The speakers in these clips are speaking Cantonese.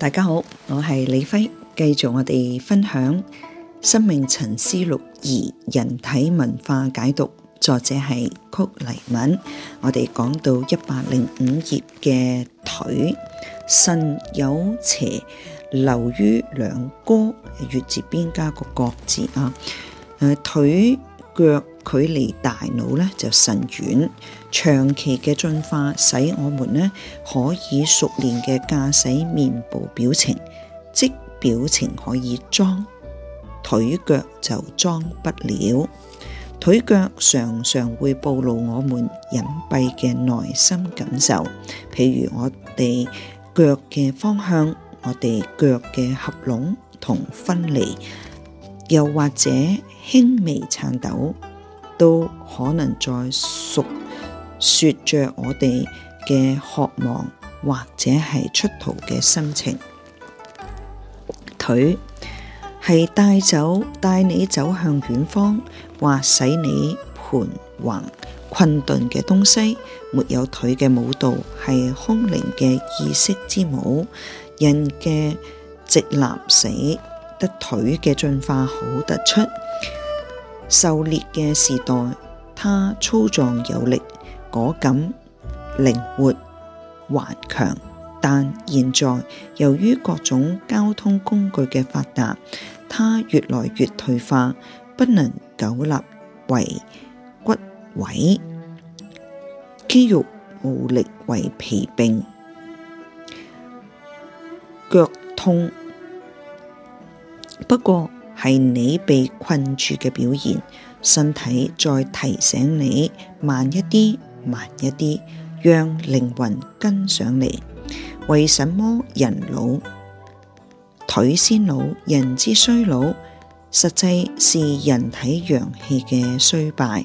大家好，我係李輝，繼續我哋分享《生命沉思錄二：人體文化解讀》，作者係曲黎敏。我哋講到一百零五頁嘅腿，身有邪，流於兩哥，月字邊加個角字啊，誒，腿腳。距離大腦咧就甚遠，長期嘅進化使我們咧可以熟練嘅駕駛面部表情，即表情可以裝，腿腳就裝不了。腿腳常常會暴露我們隱蔽嘅內心感受，譬如我哋腳嘅方向，我哋腳嘅合攏同分離，又或者輕微顫抖。都可能在述說着我哋嘅渴望，或者係出逃嘅心情。腿係帶走帶你走向遠方，或使你盤桓困頓嘅東西。沒有腿嘅舞蹈係空靈嘅意識之舞。人嘅直立死得腿嘅進化好突出。狩獵嘅時代，它粗壯有力、果敢、靈活、頑強，但現在由於各種交通工具嘅發達，它越來越退化，不能久立為骨位，肌肉無力為疲病，腳痛。不過。係你被困住嘅表現，身體在提醒你慢一啲，慢一啲，讓靈魂跟上嚟。為什麼人老腿先老？人之衰老，實際是人體陽氣嘅衰敗。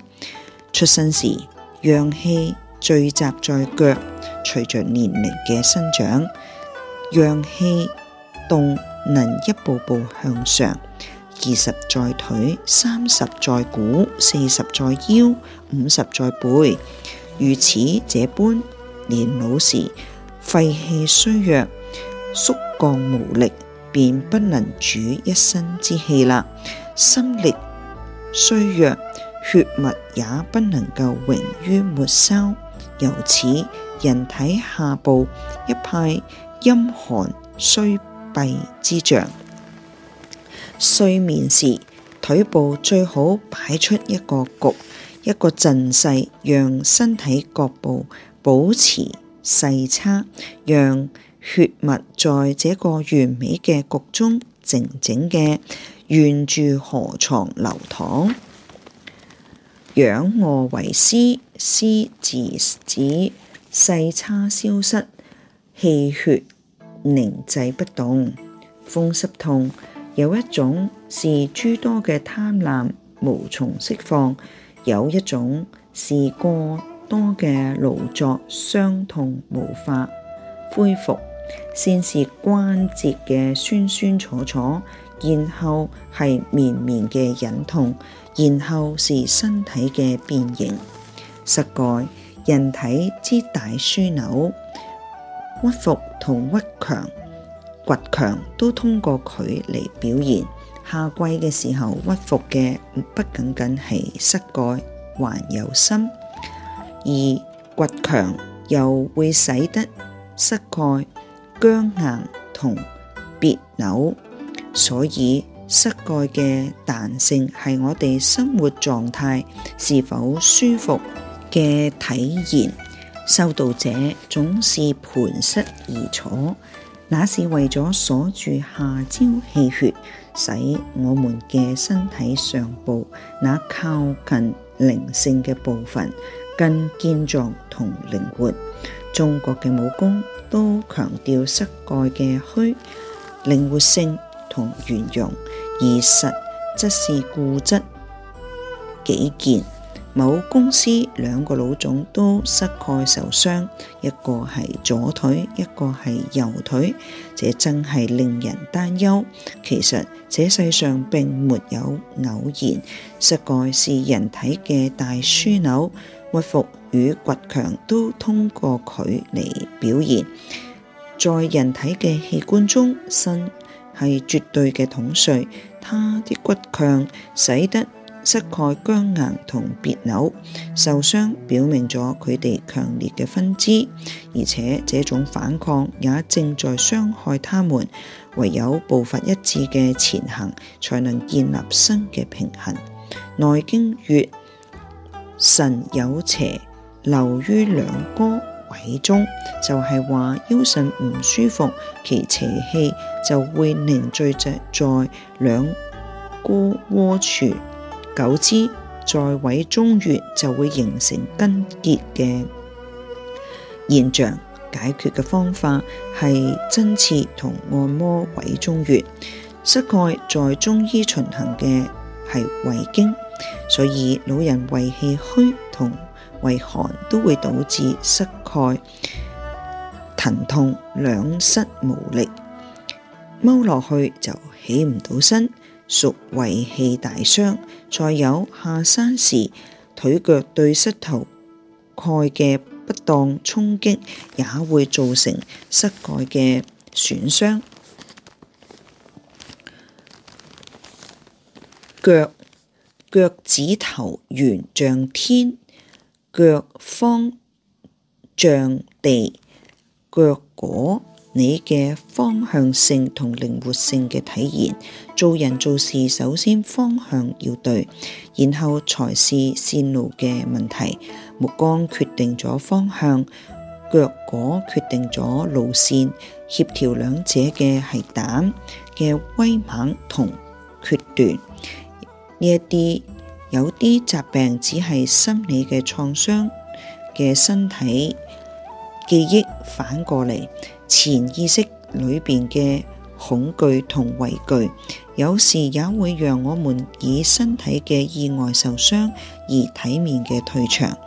出生時陽氣聚集在腳，隨着年齡嘅生長，陽氣動能一步步向上。二十在腿，三十在股，四十在腰，五十在背。如此這般，年老時肺氣衰弱，縮降無力，便不能主一身之氣啦。心力衰弱，血脈也不能夠榮於末梢，由此人體下部一派陰寒衰閉之象。睡眠時，腿部最好擺出一個局，一個陣勢，讓身體各部保持細差，讓血脈在這個完美嘅局中靜靜嘅沿住河床流淌。仰卧為屍，屍自止，細差消失，氣血凝滯不動，風濕痛。有一種是諸多嘅貪婪無從釋放；有一種是過多嘅勞作傷痛無法恢復。先是關節嘅酸酸楚楚，然後係綿綿嘅隱痛，然後是身體嘅變形。膝蓋，人體之大樞紐，屈服同屈強。倔強都通過佢嚟表現。下跪嘅時候，屈服嘅不僅僅係膝蓋，還有心。而倔強又會使得膝蓋僵硬同彆扭。所以膝蓋嘅彈性係我哋生活狀態是否舒服嘅體現。修道者總是盤膝而坐。那是為咗鎖住下焦氣血，使我們嘅身體上部那靠近靈性嘅部分更健壯同靈活。中國嘅武功都強調膝蓋嘅虛靈活性同圓融，而實則是固執己見。某公司兩個老總都膝蓋受傷，一個係左腿，一個係右腿，這真係令人擔憂。其實這世上並沒有偶然，膝蓋是人體嘅大樞紐，屈服與倔強都通過佢嚟表現。在人體嘅器官中，腎係絕對嘅統帥，他的骨強使得。膝蓋僵硬同別扭受傷，表明咗佢哋強烈嘅分支，而且這種反抗也正在傷害他們。唯有步伐一致嘅前行，才能建立新嘅平衡。內經曰：腎有邪，留於兩腘委中，就係、是、話腰腎唔舒服，其邪氣就會凝聚着在兩腘窩處。久之，在委中穴就會形成根結嘅現象。解決嘅方法係針刺同按摩委中穴。膝蓋在中醫循行嘅係胃經，所以老人胃氣虛同胃寒都會導致膝蓋疼痛、兩膝無力，踎落去就起唔到身。屬胃氣大傷，再有下山時腿腳對膝頭蓋嘅不當衝擊，也會造成膝蓋嘅損傷。腳腳趾頭圓像天，腳方像地，腳果你嘅方向性同靈活性嘅體現。做人做事，首先方向要對，然後才是線路嘅問題。目光決定咗方向，腳果決定咗路線，協調兩者嘅係膽嘅威猛同決斷。呢一啲有啲疾病只係心理嘅創傷嘅身體記憶反過嚟，潛意識裏邊嘅恐懼同畏懼。有時也會讓我們以身體嘅意外受傷，而體面嘅退場。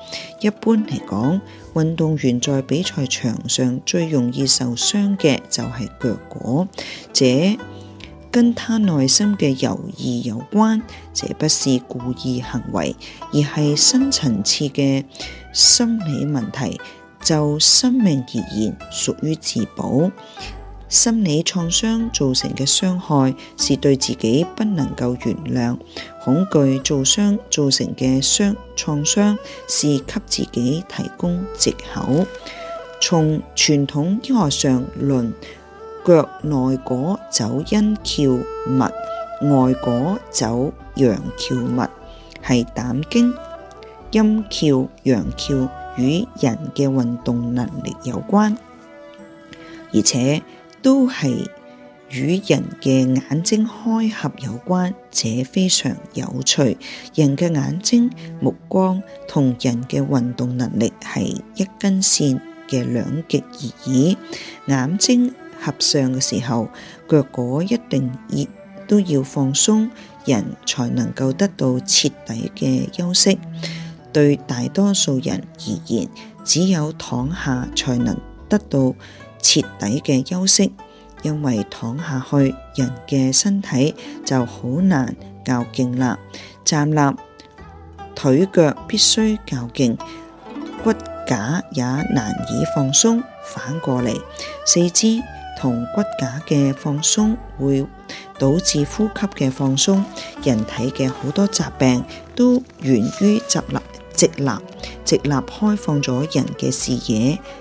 一般嚟講，運動員在比賽場上最容易受傷嘅就係腳踝，這跟他內心嘅猶豫有關，這不是故意行為，而係深層次嘅心理問題，就生命而言，屬於自保。心理創傷造成嘅傷害是對自己不能夠原諒。都係與人嘅眼睛開合有關，這非常有趣。人嘅眼睛、目光同人嘅運動能力係一根線嘅兩極而已。眼睛合上嘅時候，腳嗰一定熱都要放鬆，人才能夠得到徹底嘅休息。對大多數人而言，只有躺下才能得到。徹底嘅休息，因為躺下去，人嘅身體就好難較勁喇，站立，腿腳必須較勁，骨架也難以放鬆。反過嚟，四肢同骨架嘅放鬆會導致呼吸嘅放鬆。人體嘅好多疾病都源於直立直立，直立開放咗人嘅視野。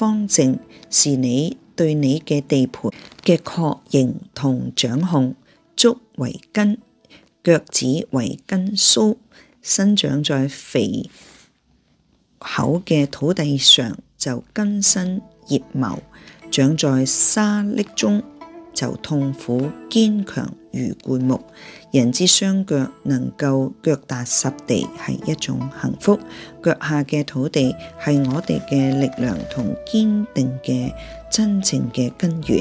方正是你對你嘅地盤嘅確認同掌控，足為根，腳趾為根鬚，生長在肥厚嘅土地上就根深葉茂，長在沙礫中就痛苦堅強如灌木。人之雙腳能夠腳踏實地係一種幸福，腳下嘅土地係我哋嘅力量同堅定嘅真正嘅根源。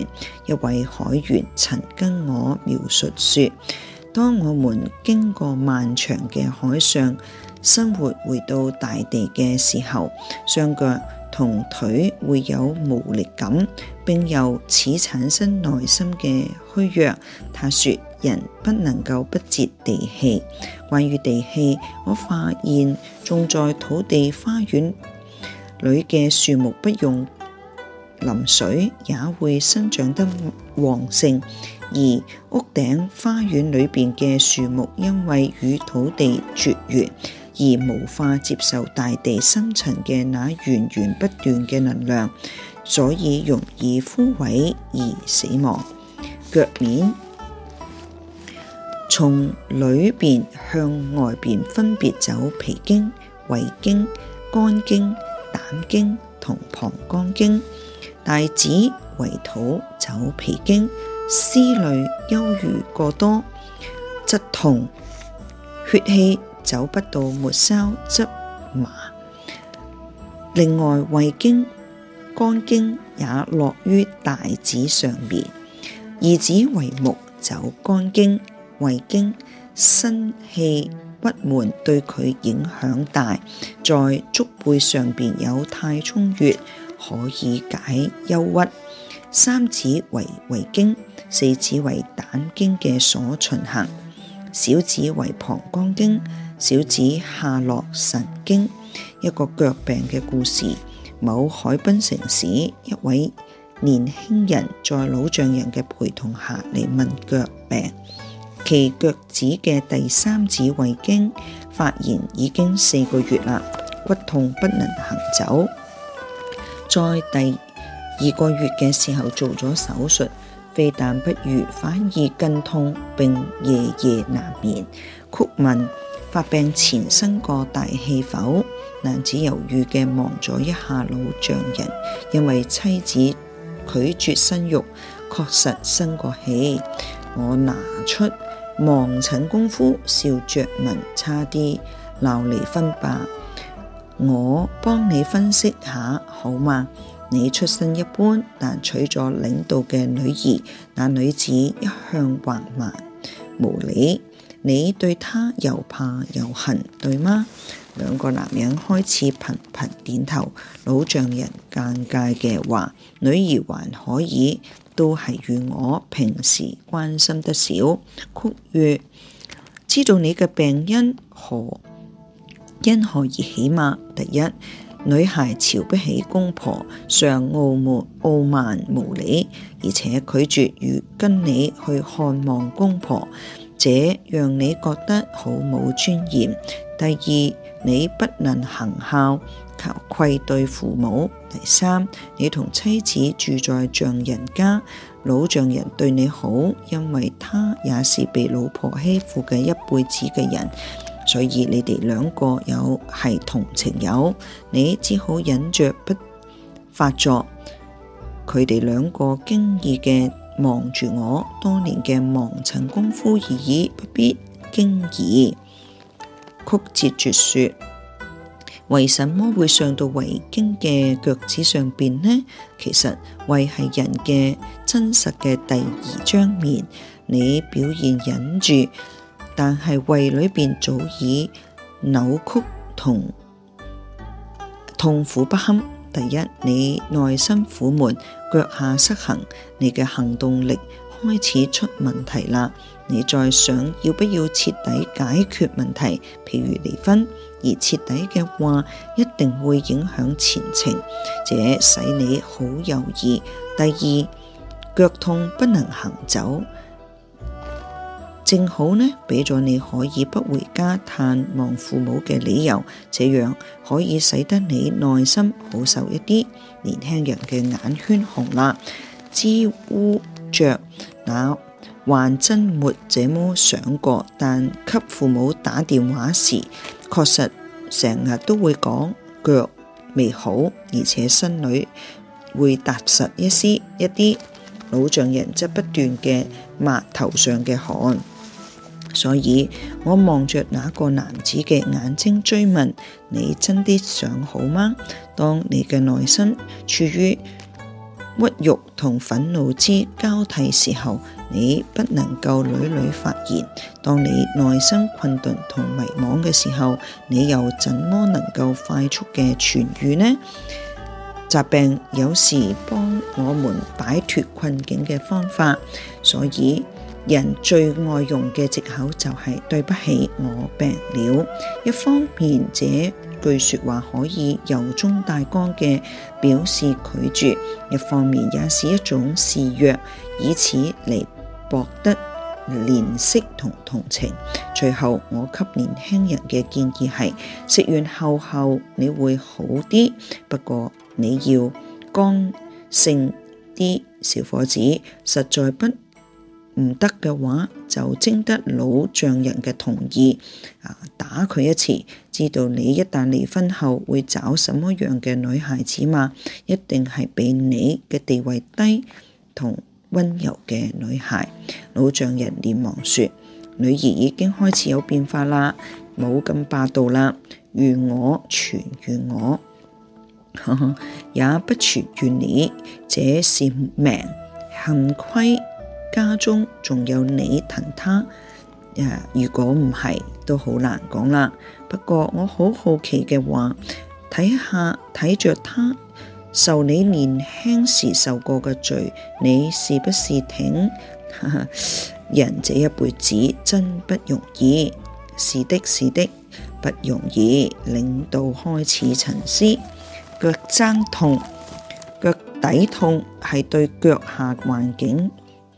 一位海員曾跟我描述說：「當我們經過漫長嘅海上生活回到大地嘅時候，雙腳同腿會有無力感，並由此產生內心嘅虛弱。」他說：人不能夠不接地氣。關於地氣，我發現種在土地花園裏嘅樹木不用淋水也會生長得旺盛，而屋頂花園裏面嘅樹木，因為與土地絕緣而無法接受大地深層嘅那源源不斷嘅能量，所以容易枯萎而死亡。腳面。從裏邊向外邊分別走脾經、胃經、肝經、膽經同膀胱經。大指為土走脾經，思慮憂鬱過多則痛；血氣走不到末梢則麻。另外，胃經、肝經也落於大指上面，二指為木走肝經。胃經、身氣、鬱悶對佢影響大，在足背上邊有太衝穴，可以解憂鬱。三指為胃經，四指為膽經嘅所循行，小指為膀胱經，小指下落神經。一個腳病嘅故事，某海濱城市一位年輕人在老丈人嘅陪同下嚟問腳病。其腳趾嘅第三指胃經發炎已經四個月啦，骨痛不能行走。在第二個月嘅時候做咗手術，非但不愈，反而更痛，並夜夜難眠。曲問發病前生過大氣否？男子猶豫嘅望咗一下老丈人，因為妻子拒絕生育，確實生過氣。我拿出。忙診功夫，笑着問：差啲鬧離婚吧？我幫你分析下，好嗎？你出身一般，但娶咗領導嘅女兒，那女子一向橫蠻無理，你對她又怕又恨，對嗎？兩個男人開始頻頻點頭。老丈人尷尬嘅話：女兒還可以。都係與我平時關心得少，曲月知道你嘅病因何因何而起嗎？第一，女孩瞧不起公婆，常傲慢傲慢無理，而且拒絕如跟你去看望公婆，這讓你覺得好冇尊嚴。第二，你不能行孝及愧對父母。第三，你同妻子住在丈人家，老丈人對你好，因為他也是被老婆欺負嘅一輩子嘅人，所以你哋兩個有係同情友，你只好忍着不發作。佢哋兩個驚異嘅望住我，多年嘅忘塵功夫而已，不必驚異。曲折絕說。為什麼會上到胃經嘅腳趾上邊呢？其實胃係人嘅真實嘅第二張面，你表現忍住，但係胃裏邊早已扭曲同痛苦不堪。第一，你內心苦悶，腳下失衡，你嘅行動力開始出問題啦。你再想要不要徹底解決問題，譬如離婚，而徹底嘅話，一定會影響前程，這使你好猶豫。第二，腳痛不能行走，正好呢俾咗你可以不回家探望父母嘅理由，這樣可以使得你內心好受一啲。年輕人嘅眼圈紅啦，支烏着嗱。那還真沒這麼想過，但給父母打電話時，確實成日都會講腳未好，而且心裡會踏實一絲一啲。老丈人則不斷嘅抹頭上嘅汗，所以我望着那個男子嘅眼睛追問：你真的想好嗎？當你嘅內心處於屈辱同憤怒之交替時候，你不能夠屢屢發現；當你內心困頓同迷茫嘅時候，你又怎麼能夠快速嘅痊癒呢？疾病有時幫我們擺脫困境嘅方法，所以人最愛用嘅借口就係對不起，我病了。一方面者。句說話可以由中帶剛嘅表示拒絕，一方面也是一種示弱，以此嚟博得憐惜同同情。隨後我給年輕人嘅建議係，食完後後你會好啲，不過你要剛性啲，小伙子實在不。.唔得嘅話，就徵得老丈人嘅同意，啊打佢一次。知道你一旦離婚後會找什麼樣嘅女孩子嘛。一定係比你嘅地位低同溫柔嘅女孩。老丈人連忙說：女兒已經開始有變化啦，冇咁霸道啦。怨我全怨我呵呵，也不全怨你，這是命，幸虧。家中仲有你疼他，啊，如果唔係都好難講啦。不過我好好奇嘅話，睇下睇着他受你年輕時受過嘅罪，你是不是挺？哈哈，人這一輩子真不容易。是的，是的，不容易。令到開始沉思。腳踭痛，腳底痛係對腳下環境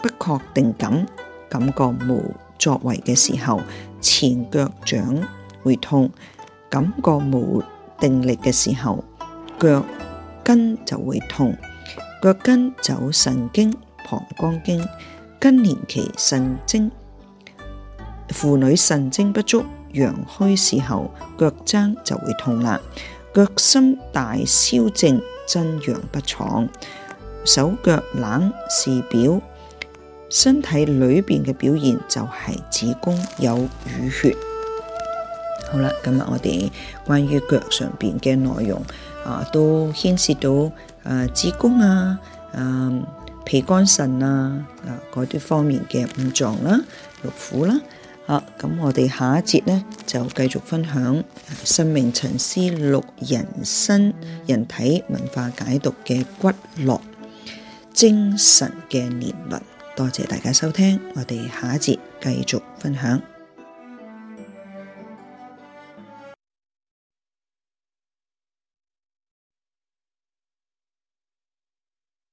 不確定感，感覺無作為嘅時候，前腳掌會痛；感覺無定力嘅時候，腳跟就會痛。腳跟走腎經、膀胱經，更年期腎精，婦女腎精不足、陽虛時候，腳踭就會痛啦。腳心大燒症，真陽不藏，手腳冷是表，身體裏邊嘅表現就係子宮有淤血。好啦，今日我哋關於腳上邊嘅內容啊，都牽涉到誒、呃、子宮啊、誒、呃、脾肝腎啊啊嗰啲方面嘅五臟啦、啊、六腑啦、啊。好、啊，咁我哋下一節咧就繼續分享《啊、生命陳思錄》人生人體文化解讀嘅骨絡精神嘅年齡。多謝大家收聽，我哋下一節繼續分享。